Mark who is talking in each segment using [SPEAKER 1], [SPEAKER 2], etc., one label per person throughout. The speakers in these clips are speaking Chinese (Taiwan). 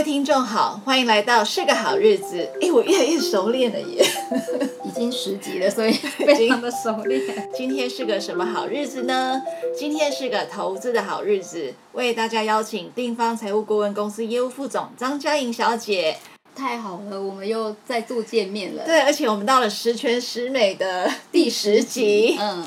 [SPEAKER 1] 各位聽眾好，歡迎來到是個好日子。哎、欸，我越來越熟練了，耶，已經十集了，所以非常的熟練。今天是個什麼好日子呢？今天是個投資的好日子，為大家邀請定方財務顧問公司業務副總張佳瑩小姐。
[SPEAKER 2] 太好了，我們又再度見面了。對，而且我們到
[SPEAKER 1] 了十全十美的第十集。第十集，嗯，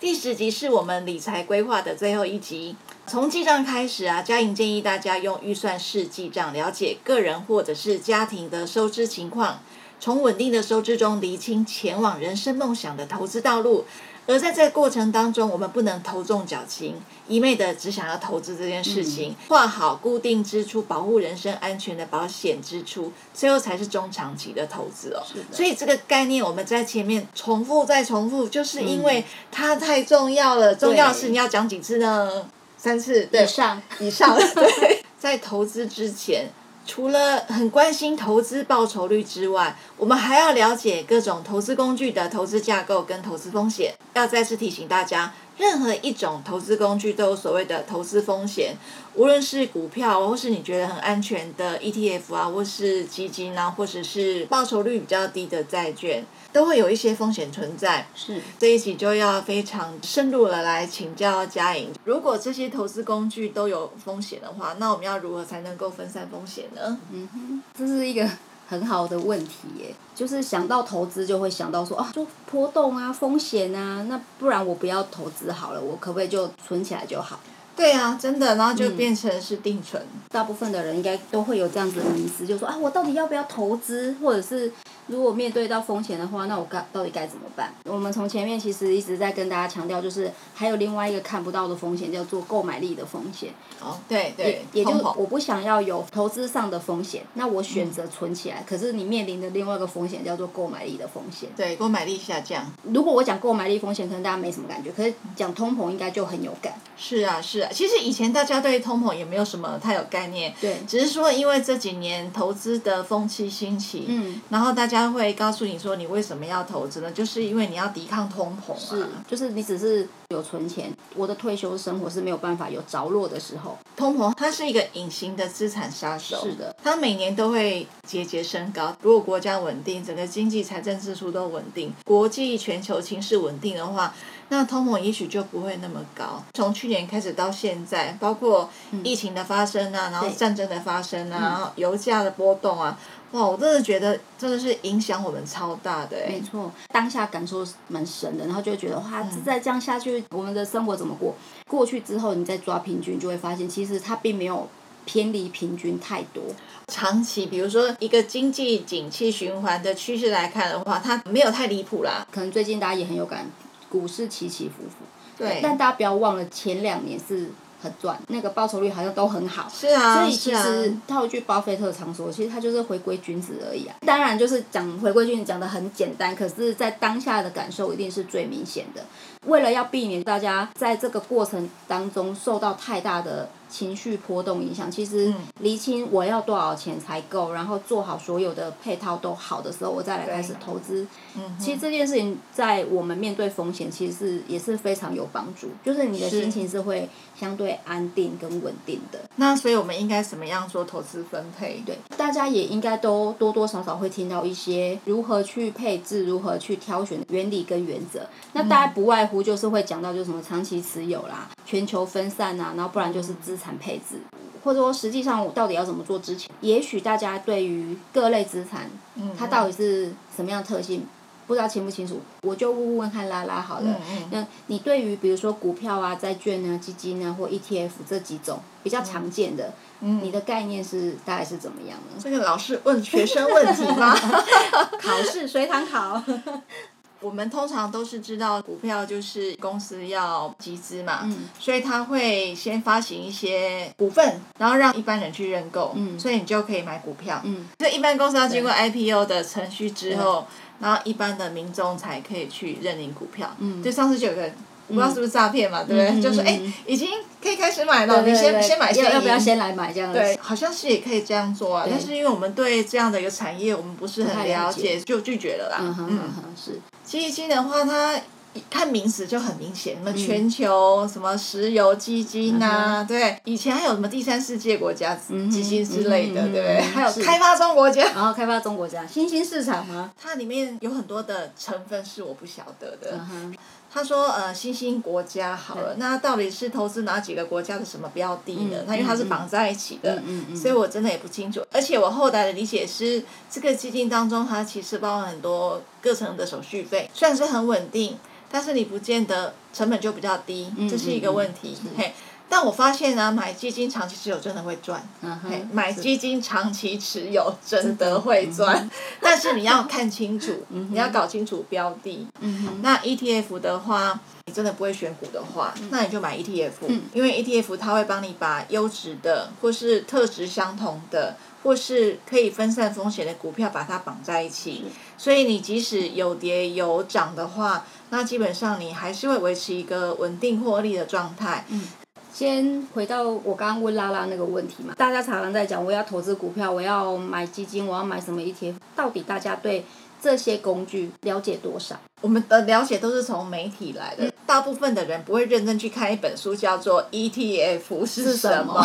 [SPEAKER 1] 第十集是我們理財規劃的最後一集。從記賬開始啊，佳瑩建議大家用預算式記賬，了解個人或者是家庭的收支情況，從穩定的收支中釐清前往人生夢想的投資道路。而在這個過程當中，我們不能頭重腳輕，一昧的只想要投資這件事情，畫、嗯、好固定支出，保護人身安全的保險支出，最後才是中長期的投資哦。是的。所以這個概念我們在前面重複再重複，就是因為它太重要了。嗯、重要的是你要講幾次呢？三次以上，以上對。在投資之前，除了很關心投資報酬率之外，我們還要了解各種投資工具的投資架構跟投資風險。要再次提醒大家。任何一種投資工具都有所謂的投資風險，無論是股票，或是你覺得很安全的 ETF 啊，或是基金啊，或者是報酬率比較低的債券，都會有一些風險存在。是這一集就要非常深入的來請教佳瑩，如果這些投資工具都有風險的話，那我們要如何才能夠分散風
[SPEAKER 2] 險呢？嗯哼，這是一個。很好的問題耶，就是想到投資就會想到說啊，就波動啊，風險啊，那不然我不要投資好了，我可不可以就存起來就好？對啊，真的，然後就變成是定存。嗯、大部分的人應該都會有這樣子的迷思，嗯、就說啊，我到底要不要投資，或者是。如果面對到風險的話，那我該到底該怎麼辦？我們從前面其實一直在跟大家強調，就是還有另外一個看不到的風險，叫做購買力的風險。哦，對對，也，通膨。也就是我不想要有投資上的風險，那我選擇存起來。嗯。可是你面臨的另外一個風險叫做購買力的風險。對，購買力下降。如果我講購買力風險，可能大家沒什麼感覺，可是講通膨應該就很
[SPEAKER 1] 有感。是啊是啊，其實以前大家對於通膨也沒有什麼太有概念。對，只是說因為這幾年投資的風氣興起，嗯，然後大家。他會告訴你說，你為什麼要投資呢？就是因為你要抵抗通膨啊。是，就是你只是有存錢，我的退休生活是沒有辦法有着落的時候。通膨它是一個隱形的資產殺手。是的，它每年都會節節升高。如果國家穩定，整個經濟財政支出都穩定，國際全球情勢穩定的話，那通膨也許就不會那麼高。從去年開始到現在，包括疫情的發生啊，嗯，然後戰爭的發生啊，對然後
[SPEAKER 2] 油價的波動啊。哇、哦，我真的覺得真的是影響我們超大的、欸。沒錯，當下感受蠻深的，然後就覺得，哇，再這樣下去，嗯、我們的生活怎麼過？過去之後，你再抓平均，就會發現，其實它並沒有偏離平均太多。長期，比如說一個經濟景氣循環的趨勢來看的話，它沒有太離譜啦。可能最近大家也很有感，股市起起伏伏。對。但大家不要忘了，前兩年是。很賺，那個報酬率好像都很好。是啊，所以其實套句巴菲特常說，其實他就是回歸君子而已啊。當然，就是講回歸君子講的很簡單，可是，在當下的感受一定是最明顯的。為了要避免大家在這個過程當中受到太大的情緒波動影響，其實釐清我要多少錢才夠，然後做好所有的配套都好的時候，我再來開始投資。嗯，其實這件事情在我們面對風險，其實是也是非常有幫助，就是你的心情是會相對安定跟穩定的。那所以我們應該怎麼樣做投資分配？對，大家也應該都多多少少會聽到一些如何去配置、如何去挑選的原理跟原則。那大家不外乎，嗯就是會講到就是什麼長期持有啦、全球分散啊，然後不然就是資產配置，嗯、或者說實際上我到底要怎麼做之前，也許大家對於各類資產，嗯、它到底是什麼樣的特性，不知道清不清楚？我就誤誤問問看拉拉好了。嗯嗯，那你對於比如說股票啊、債券啊、基金啊或 ETF 這幾種比較常見的，嗯、你的概念是大概是怎麼樣的？這個老師問學生問題嗎？
[SPEAKER 1] 考試隨水堂考？ 我們通常都是知道股票就是公司要集資嘛，嗯、所以他會先發行一些股份，然後讓一般人去認購，嗯、所以你就可以買股票。嗯、所以一般公司要經過 IPO 的程序之後，對然後一般的民眾才可以去認領股票。對、嗯，就上次就有一個。不知道是不是詐騙嘛？對不對？就是哎，已經可以開始買了，你先先買下要不要先來買這樣子？對，好像是也可以這樣做啊，但是因為我們對這樣的一個產業，我們不是很了解，就拒絕了啦。嗯哼，是基金的話，它看名詞就很明顯，什麼全球什麼石油基金啊，對，以前還有什麼第三世界國家基金之類的，對，還有
[SPEAKER 2] 開發中國家，然後開發中國家新興市場嘛，
[SPEAKER 1] 它裡面有很多的成分是我不曉得的。他說：“呃，新興國家好了，對那到底是投資哪幾個國家的什麼標的呢？它、嗯、因為它是綁在一起的，嗯、所以我真的也不清楚。嗯嗯嗯、而且我後來的理解是，這個基金當中它其實包含很多各層的手續費，雖然是很穩定，但是你不見得成本就比較低，嗯、這是一個問題。嗯”嗯但我發現呢、啊，買基金長期持有真的會賺。買基金長期持有真的會賺，嗯、哼但是你要看清楚，嗯、哼你要搞清楚標的。嗯、哼那 ETF 的話，你真的不會選股的話，嗯、那你就買 ETF，、嗯、因為 ETF 它會幫你把優質的或是特質相同的或是可以分散風險的股票把它綁在一起，嗯、所以你即使有跌有漲的話，那基本上你還是會維持一個穩定獲利的狀
[SPEAKER 2] 態。嗯先回到我剛剛問拉拉那個問題嘛，大家常常在講我要投資股票，我要買基金，我要買什麼 ETF，到底大家對這些工具了解多少？
[SPEAKER 1] 我們的了解都是從媒體來的，嗯、
[SPEAKER 2] 大部分的人不會認真去看一本
[SPEAKER 1] 書，叫做 ETF 是什麼，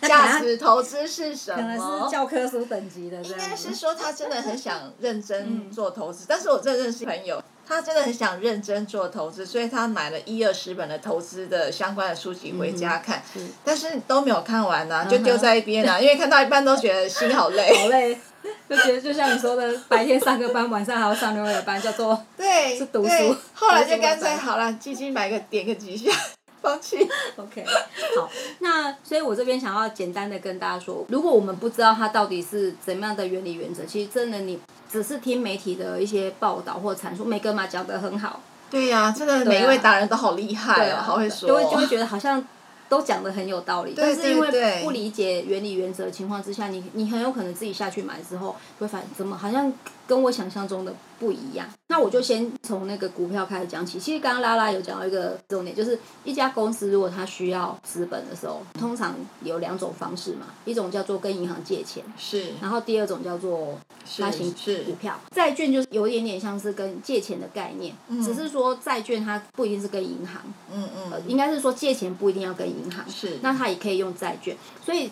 [SPEAKER 1] 價什 值投資是什麼， 可能是教科書等級的這樣。應該是說他真的很想認真做投資，嗯、但是我真的認識朋友。他真的很想認真做投資，所以他買了一二十本的投資的相關的書籍回家看，嗯嗯嗯嗯，但是都沒有看完呢、啊，就丟在一邊啊，uh huh、因為看到一半都
[SPEAKER 2] 覺得心好累， 好累，就覺得就像你說的， 白天上個班，晚上還要上另外一個班，叫做
[SPEAKER 1] 對，是讀書。後來就乾脆好了，基金買個
[SPEAKER 2] 點個幾下，放棄。OK，好，那所以，我這邊想要簡單的跟大家說，如果我們不知道它到底是怎麼樣的原理原則，其實真的你。只是聽媒體的一些報道或闡述，每個人嘛講得很好。
[SPEAKER 1] 對呀、啊，這個每一位達人都好厲害、啊，對啊對啊、好會說，就會就會覺得
[SPEAKER 2] 好像都講得很有道理。對對對對，但是因為不理解原理原則情況之下，你你很有可能自己下去買之後，會反怎麼好像。跟我想象中的不一樣，那我就先從那個股票開始講起。其實剛剛拉拉有講到一個重點，就是一家公司如果它需要資本的時候，通常有兩種方式嘛，一種叫做跟銀行借錢，是，然後第二種叫做發行股票。債券就是有一點點像是跟借錢的概念，嗯、只是說債券它不一定是跟銀行，嗯，嗯嗯，呃、應該是說借錢不一定要跟銀行，是，那它也可以用債券，所以。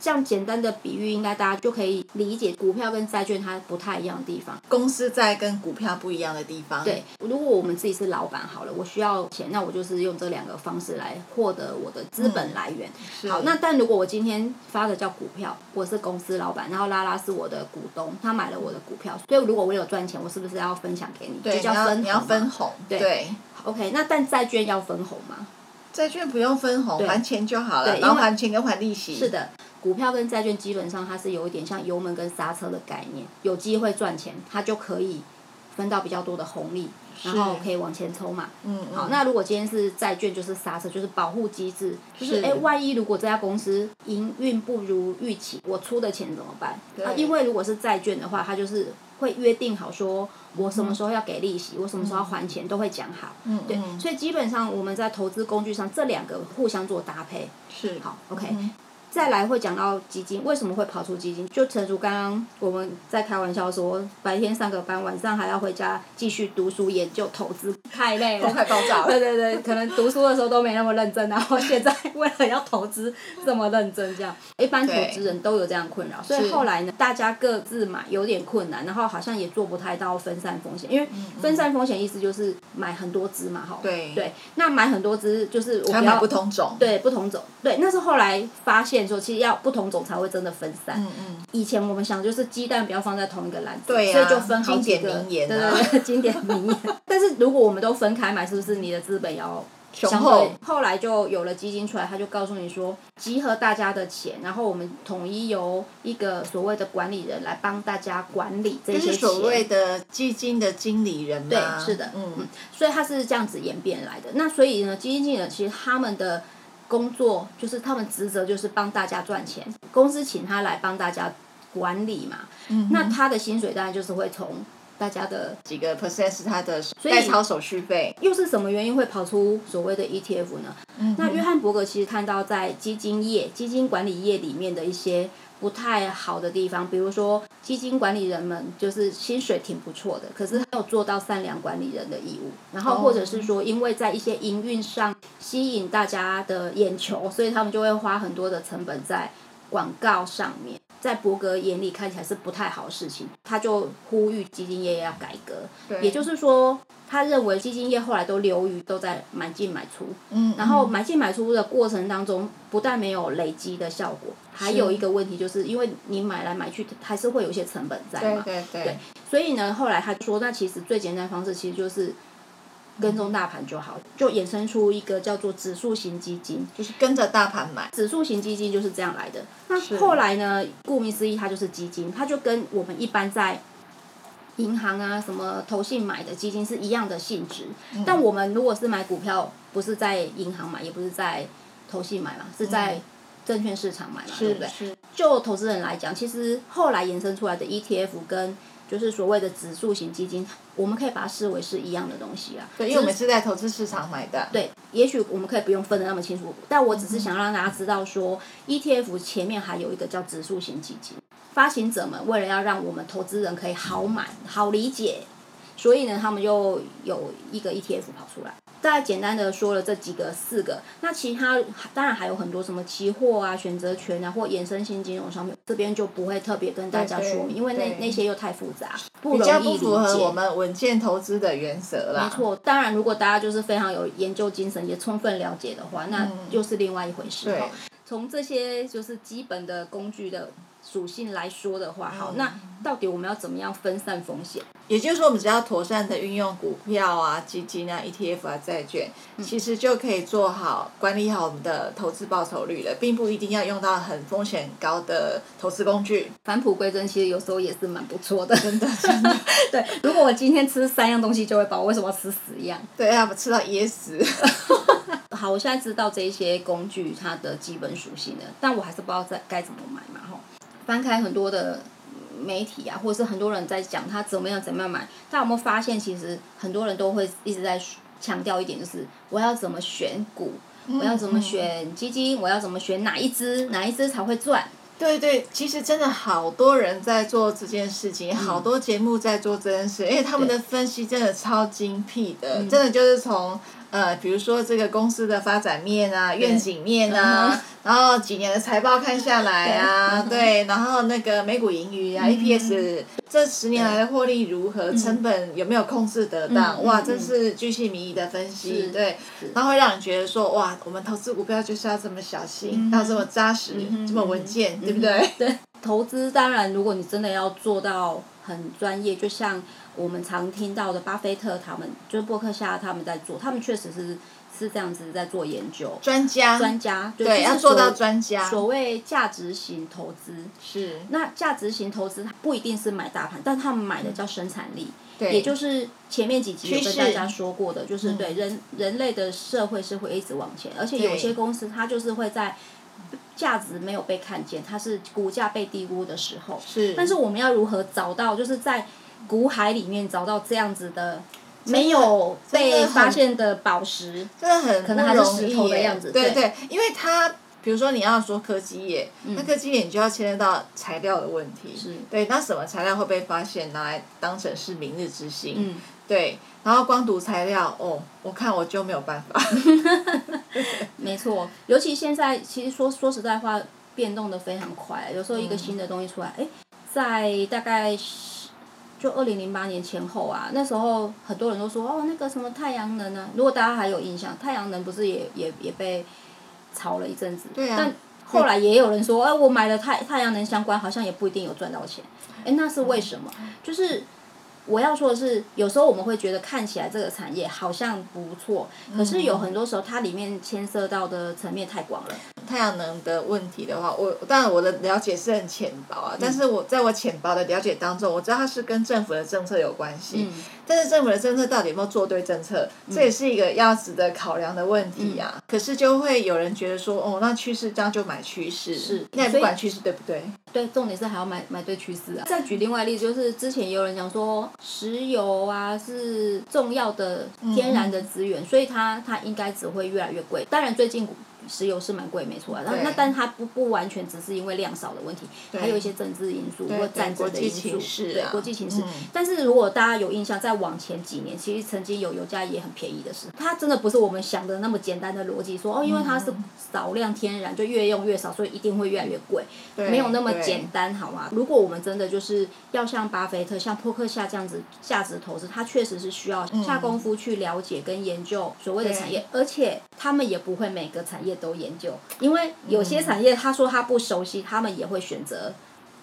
[SPEAKER 2] 這樣簡單的比喻，應該大家就可以理解股票跟債券它不太一樣的地方。公司債跟股票不一樣的地方。對，如果我們自己是老板好了，我需要錢，那我就是用這兩個方式來獲得我的資本來源。嗯、是好，那但如果我今天發的叫股票，我是公司老板，然後拉拉是我的股東，他買了我的股票，所以如果我有賺錢，我是不是要分享給你？對，就叫分紅。你要，你要分紅。對。對 OK，那但債券要分紅嗎？對債券不用分紅，對還錢
[SPEAKER 1] 就好了，對然後還
[SPEAKER 2] 錢跟還利息。是的。股票跟債券基本上它是有一點像油門跟剎車的概念，有機會賺錢，它就可以分到比較多的紅利，然後可以往前衝嘛。嗯，好，那如果今天是債券，就是剎車，就是保護機制，就是哎、欸，萬一如果這家公司營運不如預期，我出的錢怎麼辦？啊，因為如果是債券的話，它就是會約定好說，我什麼時候要給利息，我什麼時候要還錢，都會講好。對，所以基本上我們在投資工具上，這兩個互相做搭配。是，好，OK。再來會講到基金，為什麼會跑出基金？就陳竹剛剛我們在開玩笑說，白天上個班，晚上還要回家繼續讀書、研究投、投資，太累了。太 爆炸了。對對對，可能讀書的時候都沒那麼認真，然後現在為了要投資 這麼認真，這樣一般投資人都有這樣困擾。對所以後來呢，是大家各自買有點困難，然後好像也做不太到分散風險，因為分散風險意思就是買很多只嘛，哈。對。對，那買很多只就是我們要不同種。對，不同種。對，那是後來發現。說其實要不同種才會真的分散。嗯嗯。嗯，以前我們想就是雞蛋不要放在同一個籃子，對啊、所以就分好幾個。啊、對對對，經典名言。 但是如果我們都分開買，是不是你的資本要雄厚後？後來就有了基金出來，他就告訴你說，集合大家的錢，然後我們統一由一個所謂的管理人來幫大家管理這些錢，就是所謂
[SPEAKER 1] 的基金的經理人嘛。對，是的，
[SPEAKER 2] 嗯嗯。所以他是這樣子演變來的。那所以呢，基金經理人其實他們的。工作就是他們職責就是幫大家賺錢，公司請他來幫大家管理嘛。嗯哼，那他的薪水當然就是會從大家的幾個 percent，他的代操以手續費。又是什麼原因會跑出所謂的 ETF 呢？嗯哼，那約翰伯格其實看到在基金業、基金管理業裡面的一些。不太好的地方，比如說基金管理人們就是薪水挺不錯的，可是沒有做到善良管理人的義務。然後或者是說，因為在一些營運上吸引大家的眼球，所以他們就會花很多的成本在廣告上面。在伯格眼裡看起來是不太好事情，他就呼籲基金業要改革。對也就是說。他認為基金業後來都流於都在買進買出，嗯，然後買進買出的過程當中，嗯、不但沒有累積的效果，是還有一個問題就是因為你買來買去還是會有一些成本在嘛，對，對，對，對，所以呢後來他說，那其實最簡單的方式其實就是跟蹤大盤就好，嗯、就衍生出一個叫做指數型基金，就是跟着大盤買，指數型基金就是這樣來的。那後來呢顧是名思義它就是基金，它就跟我們一般在。銀行啊，什麼投信買的基金是一樣的性質，嗯、但我們如果是買股票，不是在銀行買，也不是在投信買嘛，是在證券市場買嘛，嗯、對不對？是是就投資人來講，其實後來延伸出來的 ETF 跟就是所謂的指數型基金，我們可以把它視為是一樣的東西啊。對，就是、因為我們是在投資市場買的、啊。對，也許我們可以不用分得那麼清楚，但我只是想讓大家知道說、嗯、，ETF 前面還有一個叫指數型基金。發行者們為了要讓我們投資人可以好買、好理解，所以呢，他們就有一個 ETF 跑出來。大概簡單的說了這幾個四個，那其他當然還有很多什麼期貨啊、選擇權啊或衍生性金融商品，這邊就不會特別跟大家說明，因為那對那些又太複雜，不容易理解，比較不符合我們穩健投資的原則了。沒錯，當然如果大家就是非常有研究精神也充分了解的話，那就是另外一回事，哦。嗯、從這些就是基本的工具的屬性來說的話，好，那到底我們要怎麼樣分散風險？嗯、
[SPEAKER 1] 也就是說，我們只要妥善的運用股票啊、基金啊、ETF 啊、債券，嗯、其實就可以做好管理好我們的投資報酬率了，並不一定要用到很風險高的投資工具。
[SPEAKER 2] 返璞歸真，其實有時候也是蠻不錯的， 的。真的， 對，如果我今天吃三樣東西就會飽，我為什麼要吃十樣？對啊，吃到噎死。 好，我現在知道這一些工具它的基本屬性了，但我還是不知道在該怎麼買嘛。翻開很多的媒體啊，或者是很多人在講他怎麼樣怎麼樣買，但我們發現其實很多人都會一直在強調一點，就是我要怎麼選股，嗯、我要怎麼選基金，嗯、我要怎麼選哪一支，哪一支才會賺？對，對對，其實真的
[SPEAKER 1] 好多人在做這件事情，嗯、好多節目在做這件事，因為他們的分析真的超精闢的，對真的就是從。呃，比如說這個公司的發展面啊、願景面啊，然後幾年的財報看下來啊，對，然後那個每股盈餘啊、EPS，這十年來的獲利如何，成本有沒有控制得當？哇，這是巨細靡遺的分析，對，然後會讓你覺得說，哇，我們投
[SPEAKER 2] 資股票就是要這麼小心，要這麼扎
[SPEAKER 1] 實，這麼
[SPEAKER 2] 穩健，對不對？對，投資當然，如果你真的要做到很專業，就像。我們常聽到的巴菲特他們，就是伯克夏他們在做，他們確實是是這樣子在做研究，專家，專家，就就對，要做到專家。所謂價值型投資是，那價值型投資他不一定是買大盤，但他們買的叫生產力，嗯、也就是前面幾集我跟大家說過的，其實，就是對人人類的社會是會一直往前，而且有些公司它就是會在價值沒有被看見，它是股價被低估的時候是，但是我們要如何找到，就是在。古海裡面找到這樣子的沒有被發現的寶石真的，真的很容可能還是石頭的樣子。對，對
[SPEAKER 1] 對，因為它比如說你要說科技業，嗯、那科技業你就要牽連到材料的問題。是對，那什麼材料會被發現拿來當成是明日之星？嗯、對。然後光讀材料，哦，我看我就沒有辦法。 對
[SPEAKER 2] 沒錯，尤其現在其實說說實在話，變動的非常快，有時候有一個新的東西出來，嗯欸、在大概。就二零零八年前後啊，那時候很多人都說哦，那個什麼太陽能啊，如果大家還有印象，太陽能不是也也也被炒了一陣子。對啊。但後來也有人說，哎、呃，我買了太太陽能相關，好像也不一定有賺到錢。哎對、欸，那是為什麼？對就是我要說的是，有時候我們會覺得看起來這個產業好像不錯，可是有很多時候它裡面牽涉到的層面太廣了。太陽能的問題的話，我當然我的了解是很淺薄啊，嗯、
[SPEAKER 1] 但是我在我淺薄的了解當中，我知道它是跟政府的政策有關係，嗯、但是政府的政策到底有沒有做對政策，嗯、這也是一個要值得考量的問題呀、啊。嗯、可是就會有人覺得說，哦、嗯，那趨勢這樣就買趨勢，是那不管趨勢對不對，
[SPEAKER 2] 對，重點是還要買買對趨勢啊。再舉另外一例子，就是之前也有人講說，石油啊是重要的天然的資源，嗯、所以它它應該只會越來越貴。當然最近。石油是蠻貴，沒錯、啊。然後對那但它不不完全只是因為量少的問題，對還有一些政治因素或戰爭的因素，對，素對國際情勢。情嗯、但是如果大家有印象，在往前幾年，其實曾經有油價也很便宜的，是它真的不是我們想的那麼簡單的邏輯，說哦，因為它是少量天然，就越用越少，所以一定會越來越貴，對沒有那麼簡單，對好嗎？如果我們真的就是要像巴菲特、像波克夏這樣子價值投資，它確實是需要下功夫去了解跟研究所謂的產業，對而且他們也不會每個產業。都研究，因為有些產業他說他不熟悉。嗯、他們也會選擇，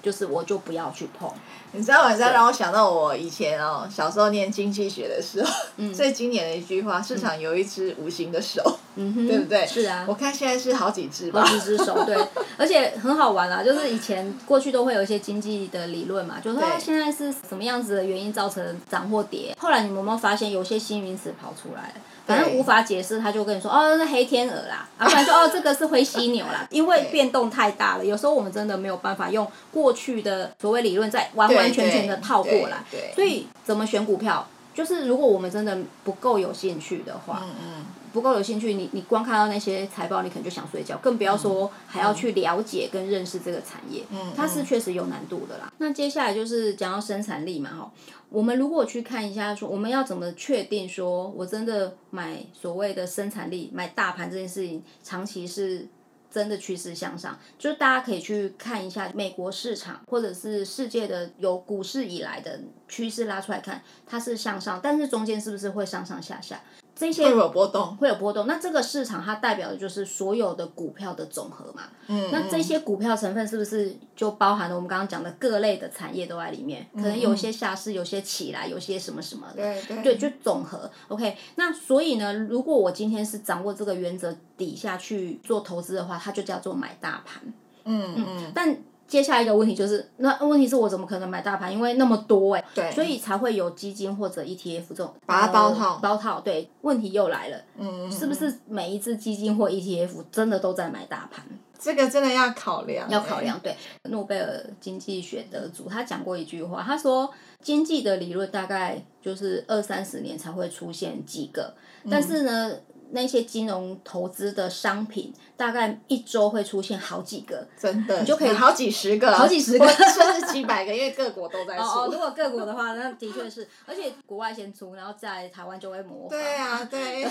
[SPEAKER 2] 就是我就不要去碰，你知道網上。對讓我想到我以前哦，小時候念經濟學
[SPEAKER 1] 的時候，嗯、最經典的一句話，“市場有一只無形的手”，嗯哼對不對？是啊。我
[SPEAKER 2] 看現在是好幾只吧，好幾只手，對。 而且很好玩啊，就是以前過去都會有一些經濟的理論嘛，就是說、啊、對現在是什麼樣子的原因造成漲或跌，後來你們有沒有發現有些新名詞跑出來？反正無法解釋，他就跟你說哦，那是黑天鵝啦，然後他說哦，這個是灰犀牛啦。 因為變動太大了，有時候我們真的沒有辦法用過去的所謂理論再完完全全的套過來。對對對所以、嗯、怎麼選股票？就是如果我們真的不夠有興趣的話，嗯嗯，不夠有興趣，你你光看到那些財報，你可能就想睡覺，更不要說還要去了解跟認識這個產業，嗯嗯，它是確實有難度的啦。嗯嗯，那接下來就是講到生產力嘛，哈，我們如果去看一下，說我們要怎麼確定，說我真的買所謂的生產力，買大盤這件事情，長期是真的趨勢向上，就大家可以去看一下美國市場，或者是世界的有股市以來的趨勢拉出來看，它是向上，但是中間是不是會上上下下？這些會有波動，會有波動、嗯，會有波動。那這個市場它代表的就是所有的股票的總和嘛？嗯，那這些股票成分是不是就包含了我們剛剛講的各類的產業都在裡面？嗯、可能有些下市，有些起來，有些什麼什麼的。嗯、對，對，對，就總和。OK，那所以呢，如果我今天是掌握這個原則底下去做投資的話，它就叫做買大盤。嗯嗯，嗯但。接下來一個問題就是，那問題是我怎麼可能買大盤？因為那麼多哎，對，所以才會有基金或者 ETF 這種把它包套包套。對，問題又來了，嗯，是不是每一只基金或 ETF 真的都在買大盤？這個真的要考量，要考量。對對。對，諾貝爾經濟學得主他講過一句話，他說經濟的理論大概就是二三十年才會出現幾個，但是呢。嗯那些金融投資的商品，大概一周會出現好幾個，真的，你就可以好幾十個，好幾十個甚至幾百個，因為各國都在說。哦，如果各國的話，那的確是，而且國外先出，然後在台灣就會模仿。對啊，對，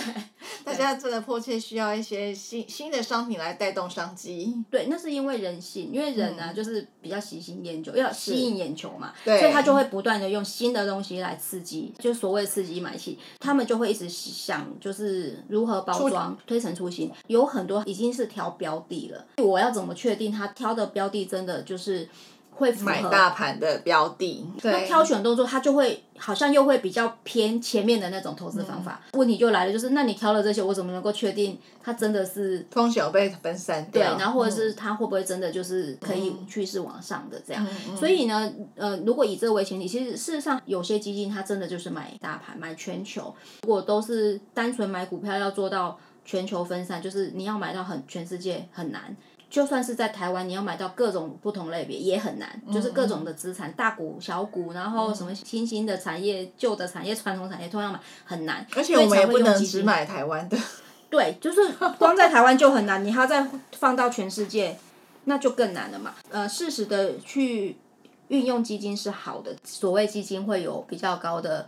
[SPEAKER 1] 大家真的迫切需要一些新新
[SPEAKER 2] 的商品來帶動商機。對，那是因為人性，因為人呢就是比較喜新厭舊，要吸引眼球嘛，所以他就會不斷的用新的東西來刺激，就所謂刺激買氣，他們就會一直想，就是如。如何包裝、出推陳出新，有很多已經是挑標的了。我要怎麼確定他挑的標的真的就是？會買大盤的標的，對，那挑選動作，它就會好像又會比較偏前面的那種投資方法。嗯、問題就來了，就是那你挑了這些，我怎麼能夠確定它真的是風險被分散掉？對，然後或者是它會不會真的就是可以趨勢往上的這樣？所以呢，呃，如果以這為前提，其實事實上有些基金它真的就是買大盤、買全球。如果都是單純買股票，要做到全球分散，就是你要買到很全世界很難。就算是在台灣，你要買到各種不同類別也很難，就是各種的資產，大股小股，然後什麼新興的產業、舊的產業、傳統產業都要買，很難。而且我們也不能只買台灣的。 對，就是光在台灣就很難，你還要再放到全世界，那就更難了嘛。呃，適時的去運用基金是好的，所謂基金會有比較高的、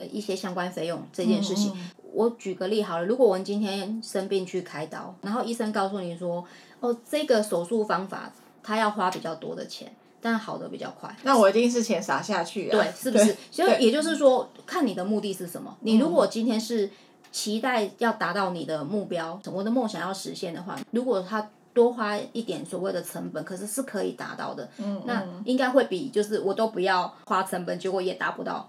[SPEAKER 2] 呃、一些相關費用這件事情。嗯嗯。我舉個例好了，如果我們今天生病去開刀，然後醫生告訴你說，哦，這個手術方法他要花比較多的錢，但好的比較快。那我一定是錢撒下去啊，對，是不是？所以對也就是說，對看你的目的是什麼。你如果今天是期待要達到你的目標，我的夢想要實現的話，如果他多花一點所謂的成本，可是是可以達到的。嗯，嗯，那應該會比就是我都不要花成本，結果也達不到。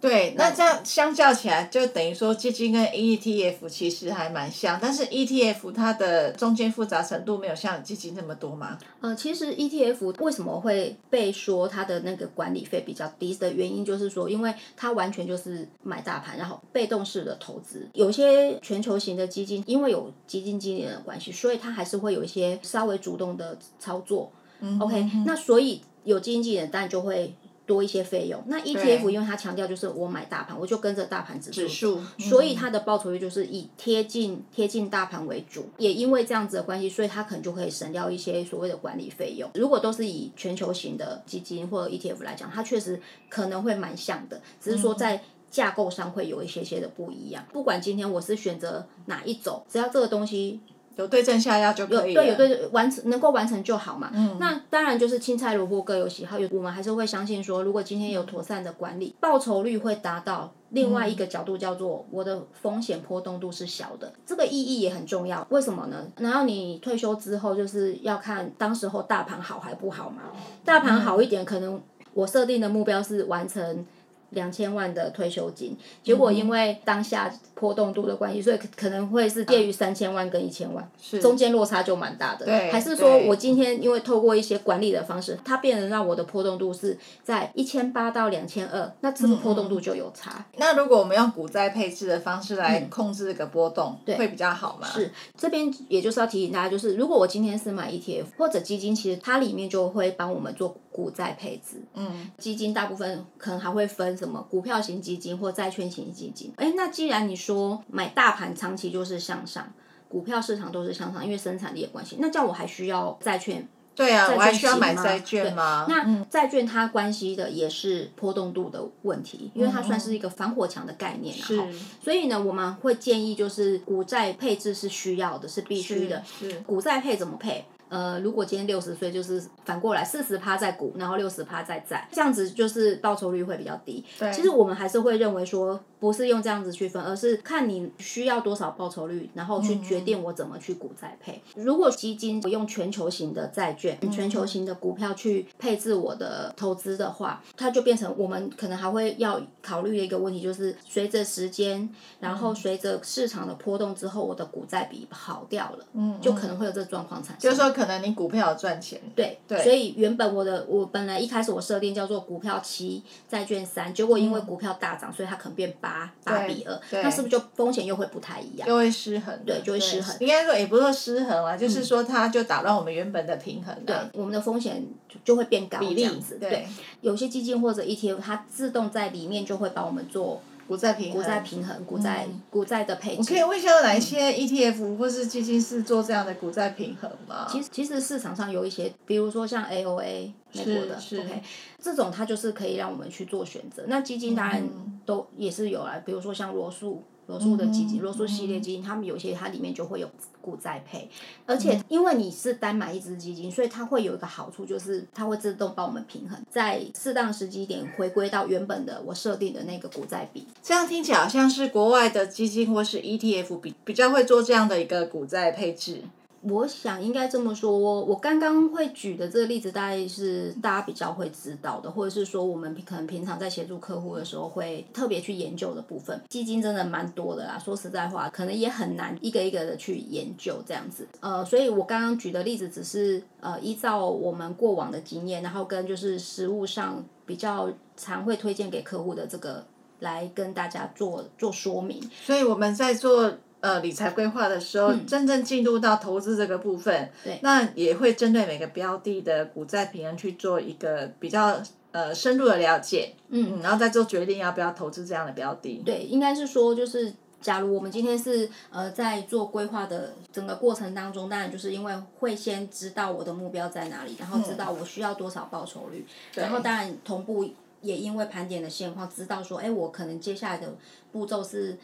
[SPEAKER 2] 對，那這樣相較起
[SPEAKER 1] 來，就等於說基金跟 ETF 其實還蠻像，但是 ETF 它的中間複雜程度沒有像基金那麼多嘛？
[SPEAKER 2] 呃，其實 ETF 為什麼會被說它的那個管理費比較低的原因，就是說因為它完全就是買大盤，然後被動式的投資。有些全球型的基金，因為有基金經理人的關係，所以它還是會有一些稍微主動的操作。嗯、哼哼 OK，那所以有基金經理人，但就會。多一些費用，那 ETF 因為它強調就是我買大盤，對我就跟着大盤指數，嗯、所以它的報酬率就是以貼近貼近大盤為主。也因為這樣子的關係，所以它可能就可以省掉一些所謂的管理費用。如果都是以全球型的基金或者 ETF 來講，它確實可能會蠻像的，只是說在架構上會有一些些的不一樣。嗯、哼不管今天我是選擇哪一種，只要這個東西。有對症下藥就可以了。有對有對，完成能夠完成就好嘛。嗯、那當然就是青菜蘿蔔各有喜好，我們還是會相信說，如果今天有妥善的管理，報酬率會達到另外一個角度，叫做我的風險波動度是小的，嗯、這個意義也很重要。為什麼呢？然後你退休之後，就是要看當時候大盤好還不好嘛。大盤好一點，可能我設定的目標是完成兩千萬的退休金，結果因為當下。波動度的關係，所以可能會是介於三千萬跟一千萬，是中間落差就蠻大的。對，還是說我今天因為透過一些管理的方式，它變得讓我的波動度是在一千八到兩千二，那這個波動度就有差，嗯嗯。那如果我們用股債配置的方式來控制這個波動，對、嗯，會比較好嗎？是，這邊也就是要提醒大家，就是如果我今天是買 ETF 或者基金，其實它裡面就會幫我們做股債配置。嗯，基金大部分可能還會分什麼股票型基金或債券型基金。哎，那既然你說。說買大盤長期就是向上，股票市場都是向上，因為生產力有關係。那叫我還需要債券？對啊，券我還需要買債券嗎？對嗯，那債券它關係的也是波動度的問題，因為它算是一個防火牆的概念。所以呢，我們會建議就是股債配置是需要的，是必須的是。是。股債配怎麼配？呃，如果今天六十歲，就是反過來四十趴在股，然後六十趴在債，這樣子就是報酬率會比較低。對。其實我們還是會認為說，不是用這樣子區分，而是看你需要多少報酬率，然後去決定我怎麼去股債配。嗯嗯，如果基金我用全球型的債券、嗯嗯，全球型的股票去配置我的投資的話，它就變成我們可能還會要考慮的一個問題，就是隨着時間，然後隨着市場的波動之後，我的股債比跑掉了，嗯，嗯，就可能會有這狀況產生，就是說。可能你股票要賺錢，對，對所以原本我的我本來一開始我設定叫做股票七債券三，結果因為股票大漲，嗯、所以它可能變八對八比二，對那是不是就風險又會不太一樣？又會失衡，
[SPEAKER 1] 對，就會失衡。對應該說也不是說失衡啊，
[SPEAKER 2] 就是說它就打亂我們原本的平衡，啊，對，我們的風險就，就會變高這樣子。比例對，對，有些基金或者 ETF，它自動在裡面就會幫我們做。嗯股債，股債平衡，股債平衡，股債、嗯、股債的配置。我可以問一下，有哪一些 ETF 或是基金是做這樣的股債平衡嗎？嗯、其實，其實市場上有一些，比如說像 AOA 美國的 OK，這種它就是可以讓我們去做選擇。那基金當然都也是有來，嗯、比如說像羅素。羅、嗯嗯嗯、素的基金，羅素系列基金，它們有些它裡面就會有股債配，而且因為你是單買一支基金，嗯、所以它會有一個好處，就是它會自動幫我們平衡，在適當時機點回歸到原本的我設定的那個股債比。這樣聽起來好像
[SPEAKER 1] 是國外的基金或是 ETF 比比較會做這樣的一個股債配置。我
[SPEAKER 2] 想應該這麼說，我剛剛會舉的這個例子，大概是大家比較會知道的，或者是說我們可能平常在協助客戶的時候會特別去研究的部分。基金真的蠻多的啦，說實在話，可能也很難一個一個的去研究這樣子。呃，所以我剛剛舉的例子只是呃依照我們過往的經驗，然後跟就是實務上比較常會推薦給客戶的這個來跟大家做做說明。所以我們在做。呃，理財規劃的時候，真正進入到投資這
[SPEAKER 1] 個部分，嗯、對，那也會針對每個標的的股債平衡去做一個比較呃深入的了解，嗯，嗯，然後再做決定要不要投資這樣的標的。對，
[SPEAKER 2] 應該是說，就是假如我們今天是呃在做規劃的整個過程當中，當然就是因為會先知道我的目標在哪裡，然後知道我需要多少報酬率，嗯、對，然後當然同步也因為盤點的現況，知道說，哎、欸，我可能接下來的步驟是。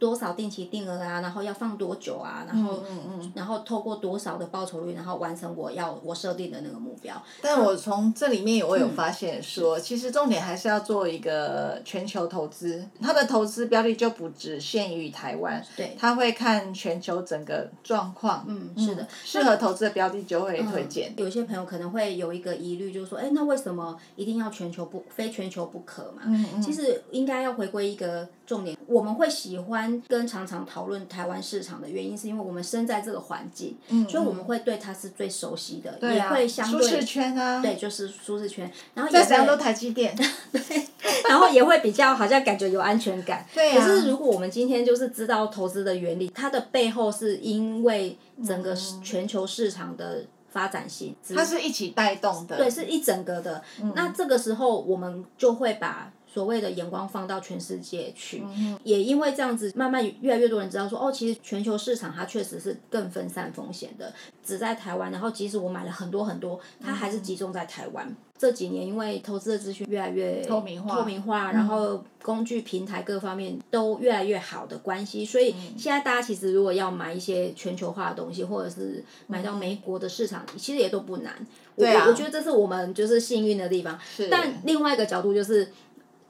[SPEAKER 2] 多少定期定額啊，然後要放多久啊，然後嗯嗯，嗯嗯然後透過多少的報酬率，然後完成我要我設定的那個目標。
[SPEAKER 1] 但我從這裡面也我有發現說，嗯、其實重點還是要做一個全球投資，它的投資標的就不
[SPEAKER 2] 只限於台灣，對，他會看全球整個狀況，嗯，嗯是的，適合投資的標的就會推薦。嗯、有些朋友可能會有一個疑慮，就是說，哎，那為什麼一定要全球不非全球不可嘛、嗯？嗯。其實應該要回歸一個重點，我們會喜歡。跟常常討論台灣市場的原因，是因為我們身在這個環境，所以、嗯、我們會對它是最熟悉的，嗯、也會相對舒適圈啊。對，就是舒適圈。然後大家都台積電， 然後也會比較好像感覺有安全感。對啊、嗯。可是如果我們今天就是知道投資的原理，它的背後是因為整個全球市場的發展性，嗯、它是一起帶動的，對，是一整個的。嗯、那這個時候我們就會把。所謂的眼光放到全世界去，嗯、也因為這樣子，慢慢越來越多人知道說，哦，其實全球市場它確實是更分散風險的。只在台灣，然後即使我買了很多很多，它還是集中在台灣。嗯、這幾年因為投資的資訊越來越透明化，透明化，然後工具平台各方面都越來越好的關係，所以現在大家其實如果要買一些全球化的東西，或者是買到美國的市場，嗯、其實也都不難。我覺得這是我們就是幸運的地方。對啊、但另外一個角度就是。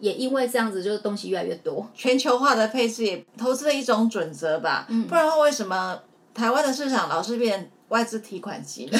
[SPEAKER 2] 也因為這樣子，就是東西越來越多，全球化的配
[SPEAKER 1] 置也投資的一種準則吧。嗯，不然的話，為什麼台灣的市場老是變外資提款機呢？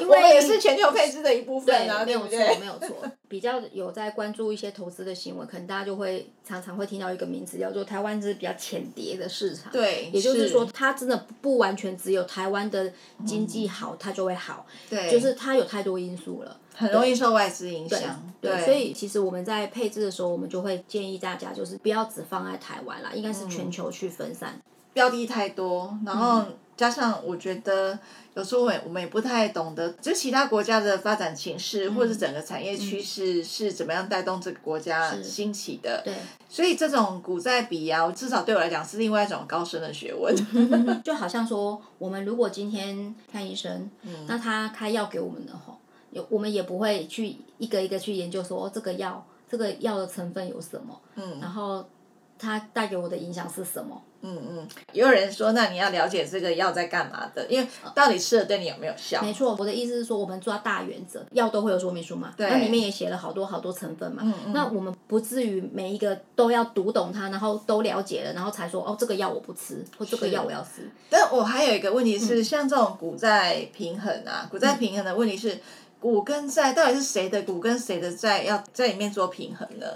[SPEAKER 1] 因為 也是全球配置的一部分，啊，我覺得我
[SPEAKER 2] 沒有錯。比較有在關注一些投資的新聞，可能大家就會常常會聽到一個名詞，叫做台灣是比較淺碟的市場。對，也就是說，是它真的不完全只有台灣的經濟好，嗯、它就會好。對，就是它有太多因素了。很容易受外資影響，對，對，所以其實我們在配置的時候，我們就會建議大家就是不要只放在台灣啦，應該是全球去分散，嗯、標的太多，然後加上我覺得
[SPEAKER 1] 有時候我們也不太懂得，嗯、就其他國家的發展情勢，嗯、或者是整個產業趨勢，嗯、是怎麼樣帶動這個國家興起的，對，所以這種股債比啊，至少對我來講是另外一種高深的學
[SPEAKER 2] 問，嗯嗯，就好像說我們如果今天看醫生，嗯、那他開藥給我們的話有，我們也不會去一個一個去研究說、哦、這個藥這個藥的成分有什麼，嗯，然後它帶給我的影響是什麼？嗯嗯，
[SPEAKER 1] 也、嗯、有,有人說那你要了解這個藥在幹嘛的，因為到底吃
[SPEAKER 2] 了對你有沒有效、哦？沒錯，我的意思是說我們抓大原則，藥都會有說明書嘛，對，那裡面也寫了好多好多成分嘛，嗯嗯，嗯那我們不至於每一個都要讀懂它，然後都了解了，然後才說哦這個藥我不吃，或這個藥我要吃。
[SPEAKER 1] 但我還有一個問題是，嗯、像這種股債平衡啊，股債平衡的問題是。嗯股跟債到底是誰的股跟誰
[SPEAKER 2] 的債？要在裡面做平衡呢？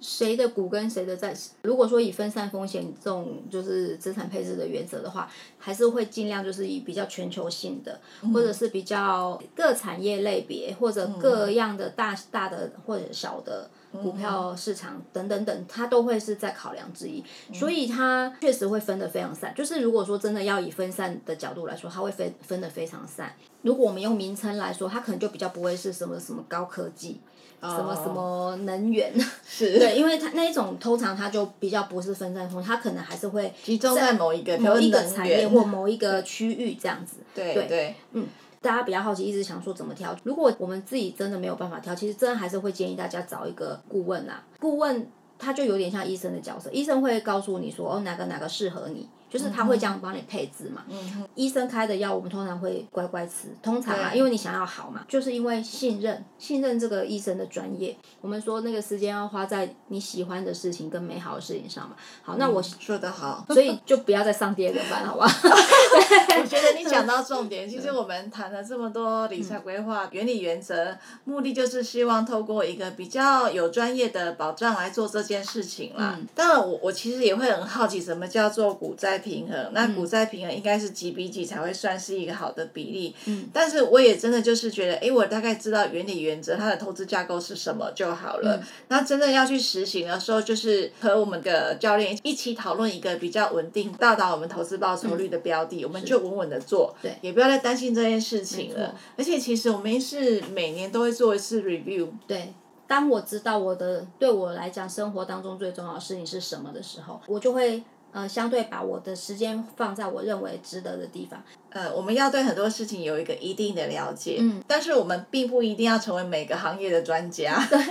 [SPEAKER 2] 誰的股跟誰的債？如果說以分散風險這種就是資產配置的原則的話，還是會盡量就是以比較全球性的，或者是比較各產業類別或者各樣的大大的或者小的。股票市場等等等，它都會是在考量之一，所以它確實會分得非常散。就是如果說真的要以分散的角度來說，它會分分得非常散。如果我們用名稱來說，它可能就比較不會是什麼什麼高科技，哦、什麼什麼能源，是， 對，因為它那一種通常它就比較不是分散型，它可能還是會集中在某一個某個產業或某一個區域這樣子。對對嗯。大家比較好奇，一直想說怎麼挑。如果我們自己真的沒有辦法挑，其實真的還是會建議大家找一個顧問啦。顧問他就有點像醫生的角色，醫生會告訴你說哦，哪個哪個適合你。就是他會這樣幫你配置嘛，嗯、哼醫生開的藥我們通常會乖乖吃，通常啊，對因為你想要好嘛，就是因為信任信任這個醫生的專業。我們說那個時間要花在你喜歡的事情跟美好的事情上嘛。好，那我、嗯、說得好，所以就不要再上第二個班， 好吧？ 我覺得你講到重
[SPEAKER 1] 點，其實我們談了這麼多理財規劃、嗯、原理原則，目的就是希望透過一個比較有專業的保障來做這件事情啦。嗯、當然我，我我其實也會很好奇，什麼叫做股災？平衡，那股債平衡應該是幾比幾才會算是一個好的比例？嗯，但是我也真的就是覺得，哎、欸，我大概知道原理原則，它的投資架構是什麼就好了。嗯、那真的要去實行的時候，就是和我們的教練一起討論一個比較穩定、嗯、到達我們投資報酬率的標的，嗯、我們就穩穩的做，對，也不要再擔心這件事情了。沒錯，而且，其實我們是每年都會做一次 review。對，
[SPEAKER 2] 當我知道我的對我來講生活當中最重要的事情是什麼的時候，我就會。呃，相對把我的時間放在我認為值得的地方。呃，我們要對
[SPEAKER 1] 很多事情有一個一定的了解。嗯，但是我們並不一定要成為每個行業的專家。
[SPEAKER 2] 對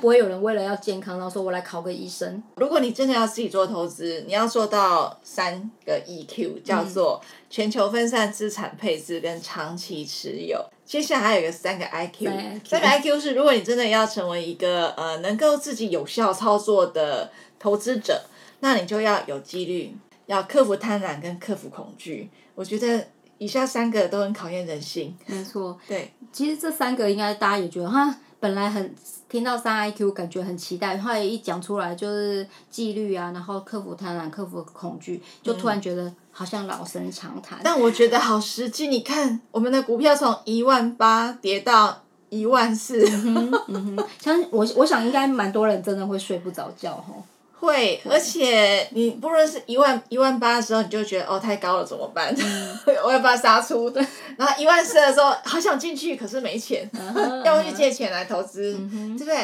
[SPEAKER 2] 不會有人為了要健康，然後說我來考個醫生。
[SPEAKER 1] 如果你真的要自己做投資，你要做到三個 EQ，叫做全球分散資產配置跟長期持有。嗯。接下來還有一個三個 IQ，三個 IQ 是如果你真的要成為一個呃能夠自己有效操作的投資者。那你就要有紀律，要克服貪婪跟克服恐懼。我覺得以下三
[SPEAKER 2] 個都很考驗人性，沒錯。對，其實這三個應該大家也覺得哈，本來很聽到 3IQ 感覺很期待，後來一講出來就是紀律啊，然後克服貪婪、克服恐懼，就突然覺得好像老生常談。嗯。但我
[SPEAKER 1] 覺得好實際，你看我們的股票從一萬八跌到一萬四， 嗯哼，嗯哼，我我想應該蠻多人真的會睡不着覺吼會，而且你不論是一萬一萬八的時候，你就覺得哦，太高了，怎麼辦？ 我要把它殺出。對， 然後一萬四的時候，好想進去，可是沒錢，uh huh, uh huh. 要去借錢來投資，uh huh. 對不對？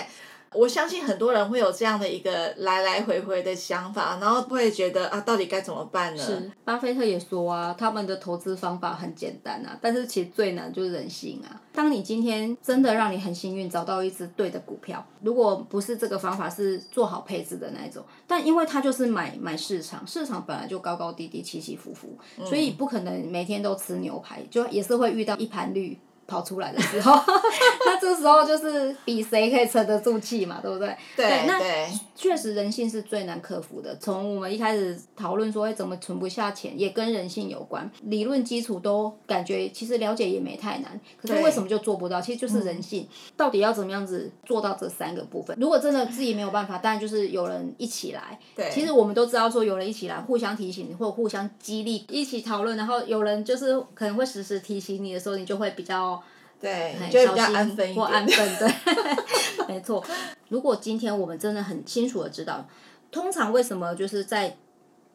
[SPEAKER 1] 我相信很多人會有這樣的一個來來回回的想法，然後不會覺得啊，到底該怎麼辦呢？是，
[SPEAKER 2] 巴菲特也說啊，他們的投資方法很簡單啊，但是其實最難就是人性啊。當你今天真的讓你很幸運找到一隻對的股票，如果不是這個方法是做好配置的那一種，但因為他就是買買市場，市場本來就高高低低、起起伏伏，所以不可能每天都吃牛排，嗯、就也是會遇到一盤綠。跑出來的時候， 那這時候就是比誰可以沉得住氣嘛，對不對？對，對，那確對實人性是最難克服的。從我們一開始討論說、欸、怎麼存不下錢，也跟人性有關。理論基礎都感覺其實了解也沒太難，可是為什麼就做不到？對其實就是人性、嗯、到底要怎麼樣子做到這三個部分？如果真的自己沒有辦法，嗯、當然就是有人一起來。對，其實我們都知道，說有人一起來，互相提醒你，或互相激勵，一起討論，然後有人就是可能會時時提醒你的時候，你就會比較。對，就比較安分一點，不安分對， 沒錯。如果今天我們真的很清楚的知道，通常為什麼就是在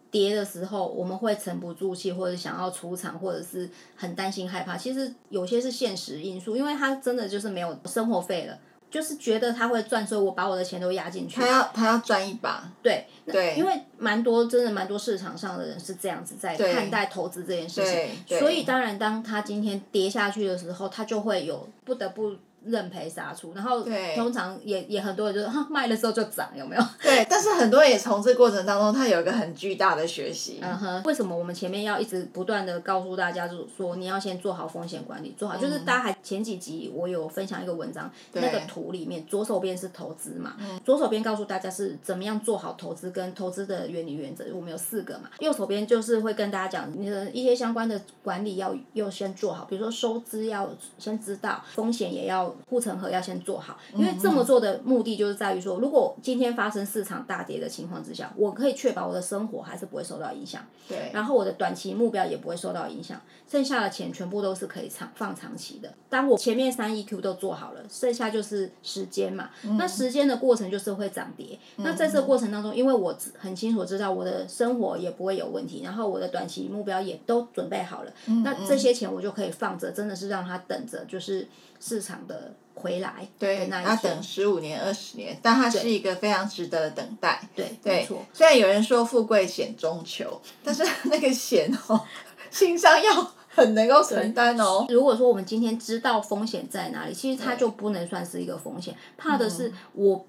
[SPEAKER 2] 跌的時候我們會沉不住氣，或者想要出場，或者是很擔心害怕，其實有些是現實因素，因為他真的就是沒有生活費了。就是覺得他會賺，所以我把我的錢都壓進去了。他要
[SPEAKER 1] 他要賺一把，對
[SPEAKER 2] 對，對那因為蠻多真的蠻多市場上的人是這樣子在對看待投資這件事情，對對，所以當然當他今天跌下去的時候，他就會有不得不。認賠殺出，然後對通常也也很多人就是，哈，賣了之後就漲，有沒有？對。但是很多人也從這過程當中，他有一個很巨大的學習。嗯哼。為什麼我們前面要一直不斷的告訴大家，就是說你要先做好風險管理，做好、嗯、就是大家還前幾集我有分享一個文章，嗯、那個圖裡面對左手邊是投資嘛，嗯、左手邊告訴大家是怎麼樣做好投資跟投資的原理原則，我們有四個嘛。右手邊就是會跟大家講你的一些相關的管理要要先做好，比如說收支要先知道，風險也要。護城河要先做好，因為這麼做的目的就是在於說，如果今天發生市場大跌的情況之下，我可以確保我的生活還是不會受到影響，對。然後我的短期目標也不會受到影響，剩下的錢全部都是可以長放長期的。當我前面三 EQ 都做好了，剩下就是時間嘛。嗯、那時間的過程就是會漲跌。嗯嗯，那在這個過程當中，因為我很清楚知道我的生活也不會有問題，然後我的短期目標也都準備好了，嗯嗯，那這些錢我就可以放着，真的是讓它等着，就是。市場的回來，對，那等十五年、二十年，但它是一個非常值得的等待。對，對沒錯。
[SPEAKER 1] 雖然有人說富貴
[SPEAKER 2] 險中求，但是那個險哦， 心上要很能夠承擔哦。對如果說我們今天知道風險在哪裡，其實它就不能算是一個風險。對怕的是我。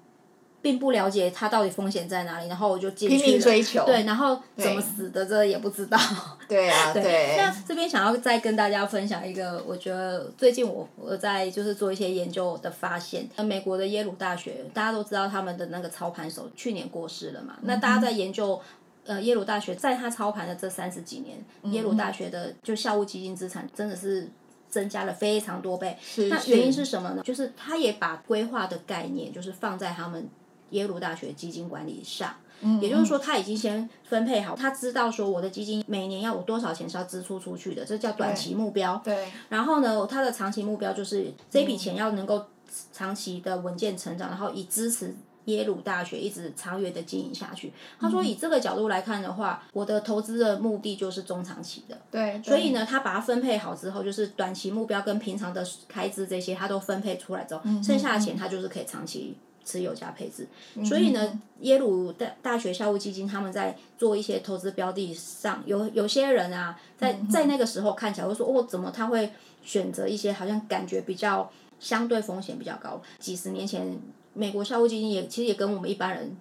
[SPEAKER 2] 並不了解它到底風險在哪裡，然後我就拼命追求。對，然後怎麼死的這也不知道。對啊， 對。對。那這邊想要再跟大家分享一個，我覺得最近我我在就是做一些研究的發現。那美國的耶魯大學，大家都知道他們的那個操盤手去年過世了嘛？嗯、那大家在研究、嗯、呃耶魯大學，在他操盤的這三十幾年，嗯、耶魯大學的就校務基金資產真的是增加了非常多倍。是是。那原因是什麼呢？就是他也把規劃的概念，就是放在他們。耶魯大學基金管理上，嗯、也就是說他已經先分配好，嗯、他知道說我的基金每年要有多少錢是要支出出去的，這叫短期目標。對。對然後呢，他的長期目標就是這筆錢要能夠長期的穩健成長，嗯、然後以支持耶魯大學一直長遠的經營下去。嗯、他說以這個角度來看的話，我的投資的目的就是中長期的。對。
[SPEAKER 1] 對所以呢，
[SPEAKER 2] 他把它分配好之後，就是短期目標跟平常的開支這些，他都分配出來之後，嗯、剩下的錢他就是可以長期。持有加配置，所以呢，耶魯大大學校務基金他們在做一些投資標的上，有有些人啊，在在那個時候看起來會說哦，怎麼他會選擇一些好像感覺比較相對風險比較高？幾十年前美國校務基金也其實也跟我們一般人。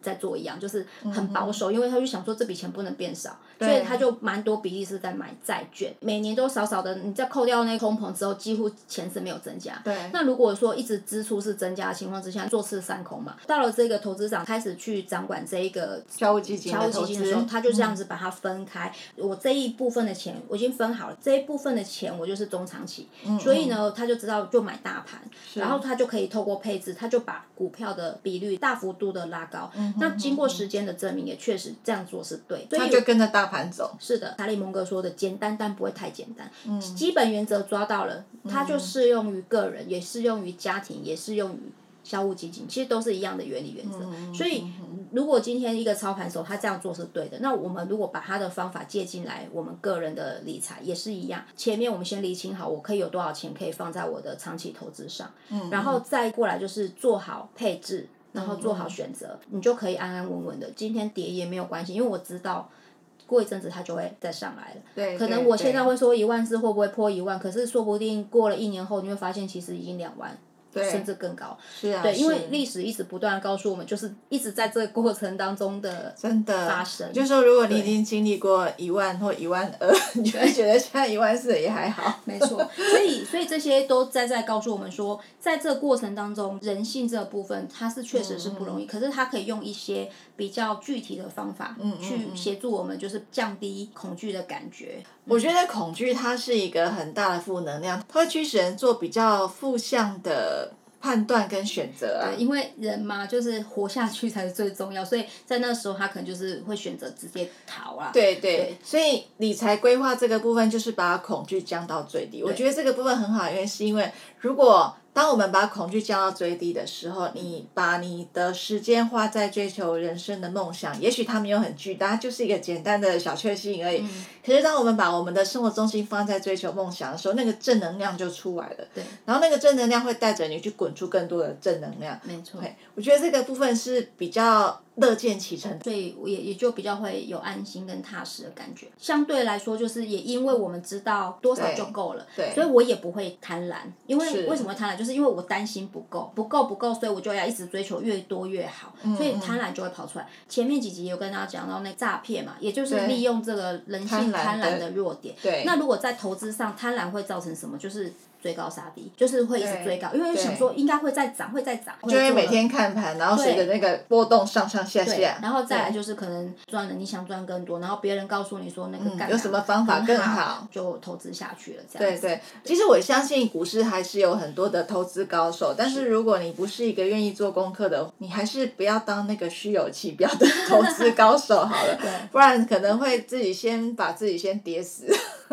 [SPEAKER 2] 在做一樣，就是很保守，嗯嗯因為他就想說，這筆錢不能變少，對所以他就蠻多比例是在買債券，每年都少少的，你再扣掉那個通膨之後，幾乎錢是沒有增加。對。那如果說一直支出是增加的情況之下，坐吃山空嘛。到了這個投資長開始去掌管這一個消費基金，金，金的時候，他就這樣子把它分開，嗯、我這一部分的錢我已經分好了，這一部分的錢我就是中長期。嗯嗯所以呢，他就知道就買大盤，是然後他就可以透過配置，他就把股票的比率大幅度的拉高。嗯那經過時間的證明，也確實這樣做是對，所以他就跟着大盤走。是的，查理蒙格說的簡單，但不會太簡單。嗯、基本原則抓到了，它就適用於個人，也適用於家庭，也適用於小戶基金，其實都是一樣的原理原則。嗯、所以如果今天一個操盤手他這樣做是對的，那我們如果把他的方法借進來，我們個人的理財也是一樣。前面我們先理清好，我可以有多少錢可以放在我的長期投資上，嗯，然後再過來就是做好配置。然後做好選擇，嗯嗯，你就可以安安穩穩的。今天跌也沒有關係，因為我知道過一陣子它就會再上來了。對可能我現在會說一萬四，會不會破一萬？可是說不定過了一年後你會發現其實已經兩萬。對甚至更高，對，是啊、對，因為歷史一直不斷告訴我們，就是一直在這個過程當中的發生。是啊、是就是真的就說，如果你已
[SPEAKER 1] 經經歷過一萬或一萬二對， 你就
[SPEAKER 2] 會覺得現在一萬四也還好。沒錯， 所以所以這些都在在告訴我們說，在這個過程當中，人性這個部分它是確實是不容易，嗯、可是它可以用一些比較具體的方法去協助我們，就是降低恐懼的感覺。嗯嗯嗯我覺得恐懼它是一個很大的負能量，它會驅使人做比較負向的判斷跟選擇啊。對，因為人嘛，就是活下去才是最重要，所以在那時候他可能就是會選擇直接逃啊。對對，
[SPEAKER 1] 對，所以理財規劃這個部分就是把恐懼降到最低。對我覺得這個部分很好，因為是因為如果。當我們把恐懼降到最低的時候，你把你的時間花在追求人生的夢想，也許它沒有很巨大，就是一個簡單的小確幸而已。嗯、可是，當我們把我們的生活中心放在追求夢想的時候，那個正能量就出來了。對，然後那個正能量會帶着你去滾出更多的正能量。
[SPEAKER 2] 沒錯，我覺得這個部分是比較。樂見其成，所以我也也就比較會有安心跟踏實的感覺。相對來說，就是也因為我們知道多少就夠了，對，所以我也不會貪婪。因為為什麼會貪婪？是就是因為我擔心不夠，不夠不夠，所以我就要一直追求越多越好，嗯、所以貪婪就會跑出來。嗯、前面幾集有跟大家講到那詐騙嘛，也就是利用這個人性貪婪的弱點。對，對，那如果在投資上貪婪會造成什麼？就是。追高殺低，就是會一直追高，因為想說應該會再漲，對會再漲。就會每天看
[SPEAKER 1] 盤，然後隨着那個波動上上下下。對然後再來
[SPEAKER 2] 就是可能賺了，你想賺更多，然後別人告訴你說那個、嗯、有什麼方法更好，好就投資下去了。這樣。對，
[SPEAKER 1] 對對，對，其實我相信股市還是有很多的投資高手，但是如果你不是一個願意做功課的，是你還是不要當那個虛有其表的投資高手好了，
[SPEAKER 2] 對不然可能會自己先把自己先跌死。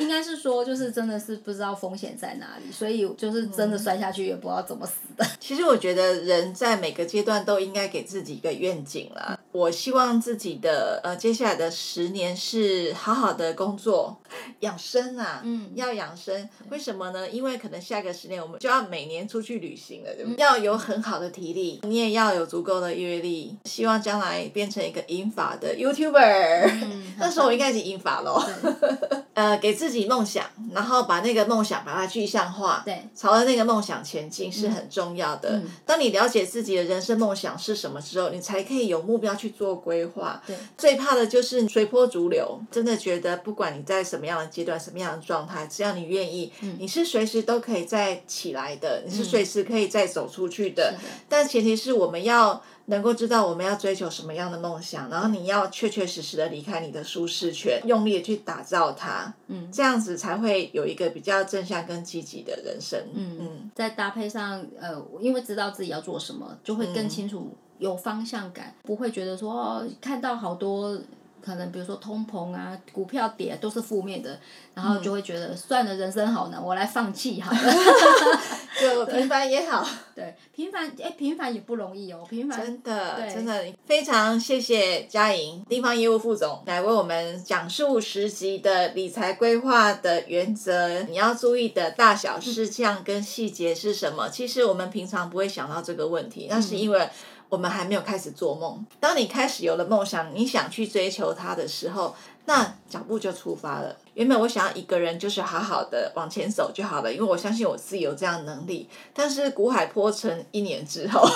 [SPEAKER 2] 應該是說，就是真的是不知道風。風險在哪裡？所以就是真的摔下去也不知道怎麼死的。嗯、 其實我
[SPEAKER 1] 覺得人在每個階段都應該給自己一個願景啦。嗯、我希望自己的呃接下來的十年是好好的工作養生啊，嗯，要養生。為什麼呢？因為可能下個十年我們就要每年出去旅行了，對不對？嗯、要有很好的體力，你也要有足夠的閱歷。希望將來變成一個銀髮的 YouTuber，、嗯、 那時候我應該已經銀髮嘍。嗯、 呃，給自己夢想，然後把那個夢想。把它具象化，對，朝着那個夢想前進是很重要的。嗯、當你了解自己的人生夢想是什麼時候，你才可以有目標去做規劃。對，最怕的就是隨波逐流。真的覺得，不管你在什麼樣的階段、什麼樣的狀態，只要你願意，嗯、你是隨時都可以再起來的，你是隨時可以再走出去的。嗯、但前提是我們要。能夠知道我們要追求什麼樣的夢想，然後你要確確實實的離開你的舒適圈，用力的去打造它，嗯，這樣子才會有
[SPEAKER 2] 一個比較正向跟積極的人生。嗯嗯，在搭配上，呃，因為知道自己要做什麼，就會更清楚、嗯、有方向感，不會覺得說看到好多。可能比如說通膨啊，股票跌啊，都是負面的，然後就會覺得算了，人生好難，我來放棄好了， 就平凡也好。對,對，平凡哎，平凡也不容易哦，平凡。真的，對真
[SPEAKER 1] 的非常謝謝佳瑩，定方業務副總來為我們講述十集的理財規劃的原則，你要注意的大小事項跟細節是什麼？嗯、其實我們平常不會想到這個問題，那是因為。我們還沒有開始做夢。當你開始有了夢想，你想去追求它的時候，那腳步就出發了。原本我想要一個人就是好好的往前走就好了，因為我相信我自己有這樣的能力。但是股海浮沉一年之後，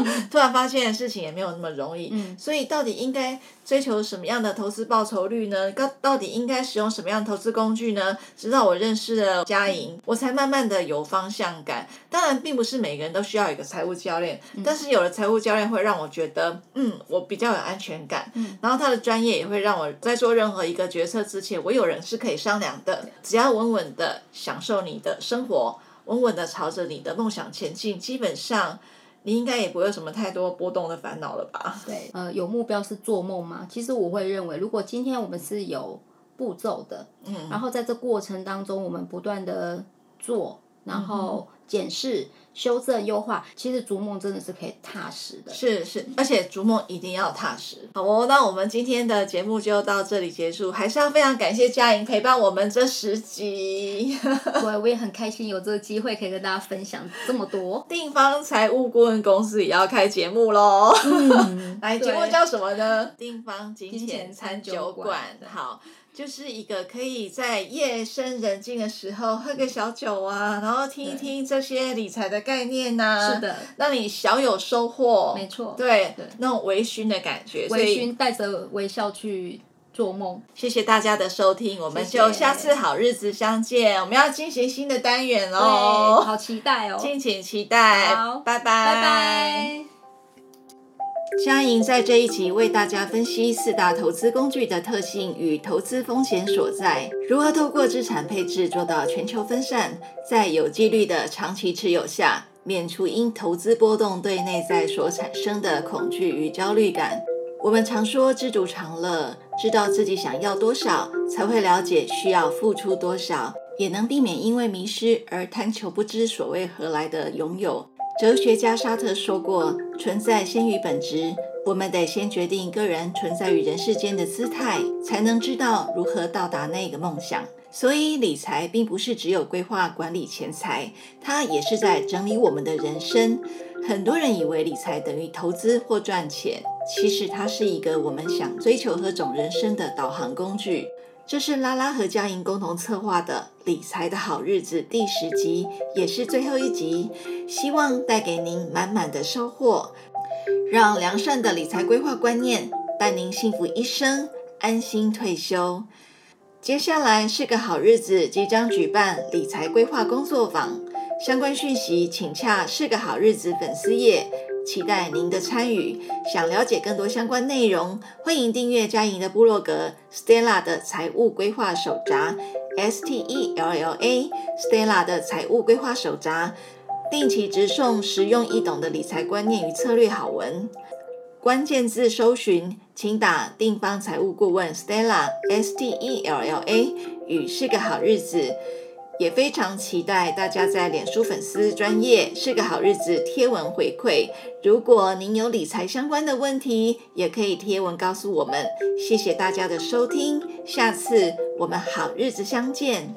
[SPEAKER 1] 突然發現事情也沒有那麼容易。嗯、所以到底應該追求什麼樣的投資報酬率呢？到到底應該使用什麼樣的投資工具呢？直到我認識了佳瑩，嗯、我才慢慢的有方向感。當然，並不是每個人都需要一個財務教練，但是有了財務教練，會讓我覺得，嗯，我比較有安全感。嗯、然後他的專業也會讓我在做任何一個決策之前，我有人是。可以商量的，對只要穩穩的享受你的生活，穩穩的朝着你的夢想前進，基本上你應該也不會有什麼太多波動的煩惱了吧？
[SPEAKER 2] 對，呃，有目標是做夢嗎？其實我會認為，如果今天我們是有步驟的，嗯，然後在這過程當中，我們不斷的做，然後、嗯。檢視、修正、優化，其實逐夢真的是可以踏實的。是是，
[SPEAKER 1] 而且逐夢一定要踏實。
[SPEAKER 2] 好哦，那我們今天
[SPEAKER 1] 的節目就到這裡結束，還是要非常感謝佳瑩陪伴我們這十集。我我也很開心有這個機會可以跟大家分享這麼多。定方財務顧問公司也要開節目嘍。嗯、 來，節目叫什麼呢？定對方金錢餐酒館。對好。就是一個可以在夜深人靜的時候喝個小酒啊，然後聽一聽這些理財的概念啊。是的，讓你小有收穫。沒錯，對，那種微醺的感覺，微醺
[SPEAKER 2] 帶着微笑去做夢。
[SPEAKER 1] 謝謝大家的收聽，我們就下次好日子相見。我們要進行新的單元嘍，好期待哦，敬請期待，好，拜拜，拜拜。佳瑩在這一集為大家分析四大投資工具的特性與投資風險所在，如何透過資產配置做到全球分散，在有紀律的長期持有下，免除因投資波動對內在所產生的恐懼與焦慮感。我們常說知足常樂，知道自己想要多少，才會了解需要付出多少，也能避免因為迷失而貪求不知所謂何來的擁有。哲學家沙特說過：“存在先於本質。”我們得先決定個人存在於人世間的姿態，才能知道如何到達那個夢想。所以，理財並不是只有規劃管理錢財，它也是在整理我們的人生。很多人以為理財等於投資或賺錢，其實它是一個我們想追求何種人生的導航工具。這是拉拉和佳瑩共同策劃的理財的好日子第十集，也是最後一集，希望帶給您滿滿的收穫，讓良善的理財規劃觀念伴您幸福一生，安心退休。接下來，是個好日子即將舉辦理財規劃工作坊，相關訊息請洽是個好日子粉絲頁。期待您的參與。想了解更多相關內容，歡迎訂閱佳瑩的部落格 Stella 的財務規劃手札 S T E L L A Stella 的財務規劃手札，定期直送實用易懂的理財觀念與策略好文。關鍵字搜尋，請打定方財務顧問 Stella S, S T E L L A 與是個好日子。也非常期待大家在臉書粉絲專頁「是個好日子」貼文回饋。如果您有理財相關的問題，也可以貼文告訴我們。謝謝大家的收聽，下次我們好日子相見。